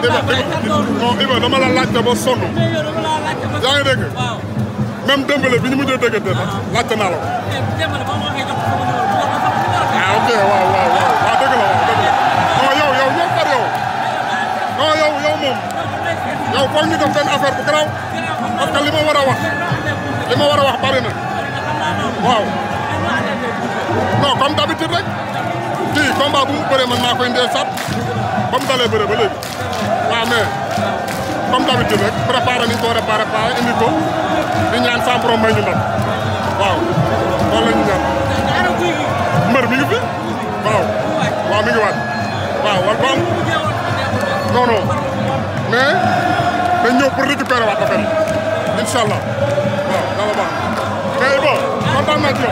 Não, dama não laajte ba sonn. yaa ngi dégg. même Dembélé bi ñu mujjee déggante sax laajte naa la ah ok waaw waaw waaw waaw dëgg la waaw dëgg la non yow yow ñoo far yow. non yow yow moom. yow foog ñu def benn affaire bu garaaw. parce que Não, ma war a wax. li ma a wax bari na. waaw. non comme d'habitude rek. kii combat bu mu bëree man maa koy ndee sat ba mu waaw mais comme d'habitude rek préparé li ñu ko war a préparé indi ko di ñaan sans borom may ñu ndam waaw waaw. waaw ngi waat waaw wal ba am non non mais dañ ñëw pour récupérer waat affaire waaw dama baax mais bon kontaan naa ci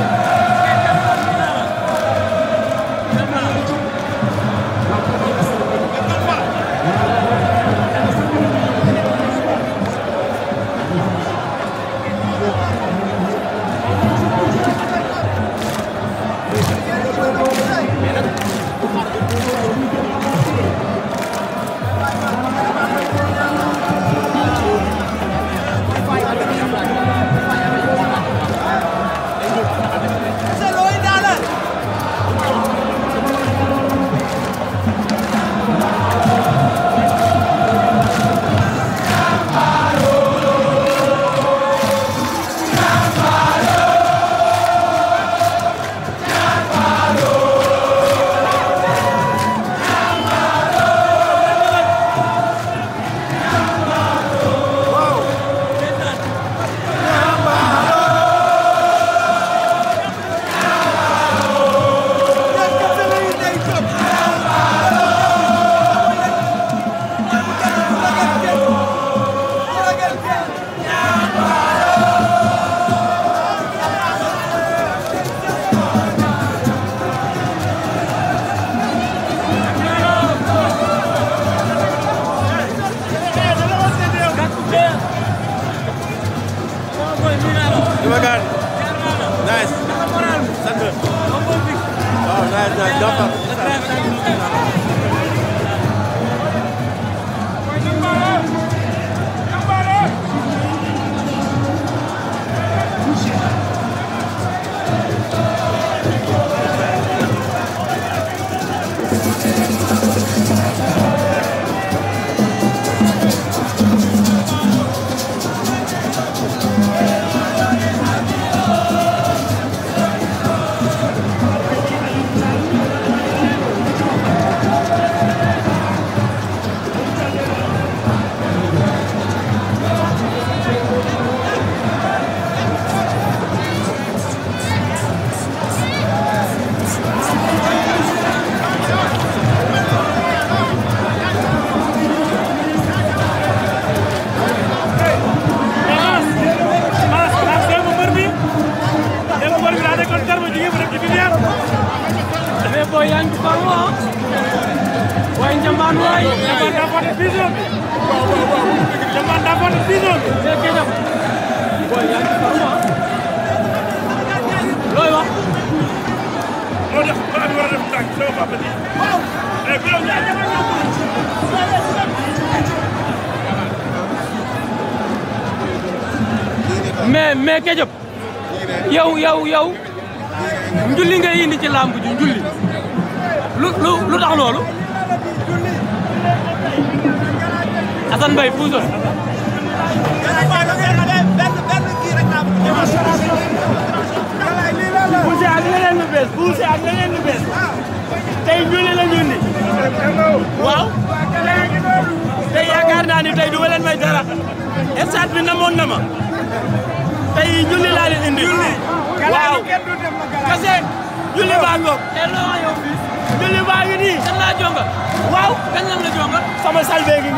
mais mais Ketchup yow yow yow njulli ngay indi ci làmb njulli lu lu lu tax Assane Mbaye puusal. puuse ak leneen lu bees puuse ak leneen lu bees tey julli la ñu waaw tey yaakaar naa tey du ma may dara stade bi namoon na ma tey julli laa leen indi waaw kese julli baa ngoog julli baa ngi nii. kan laa jonga. waaw kan lan la jonga. sama salve ngi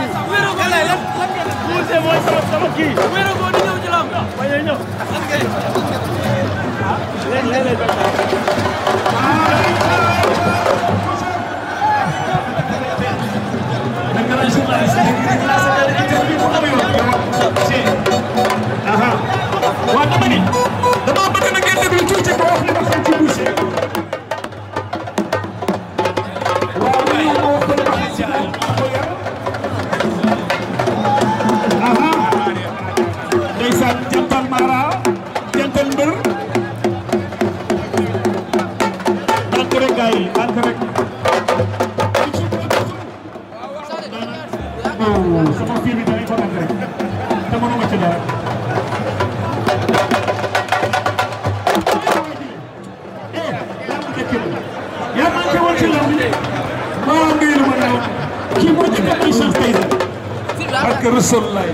rasulullah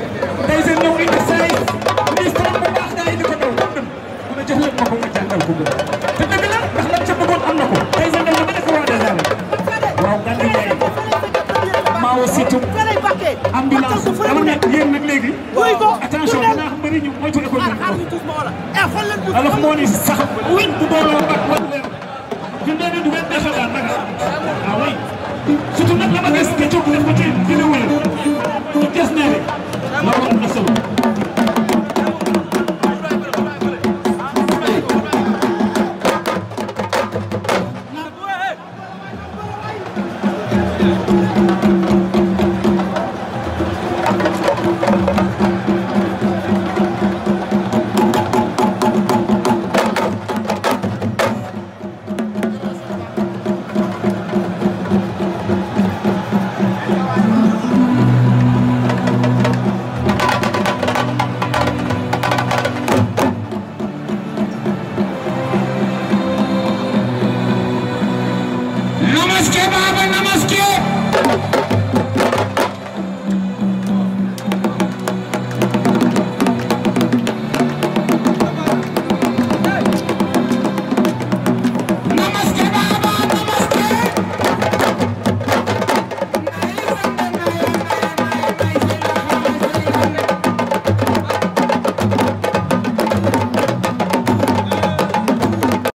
day seen ñëw indi saay ministère bu baax daa indi ko daw mu dem mu ne jox leen ma ko ma jàngal ko moom te dëgg la ndax lañ ca bëggoon am na ko day seen dem na ba nekk waa des arènes waaw gan di yaay maa aussi tum ambulance dama nekk yéen nag léegi attention dinaa xam bëri ñu moytu école bi eh, alors moo ni sax win bu booloo bak wan leen ñu ne ni du ngeen defewaat nag ah oui surtout nag la ma gis nga jóg def ko ci vidéo yi loolu am na solo Baba Namaste.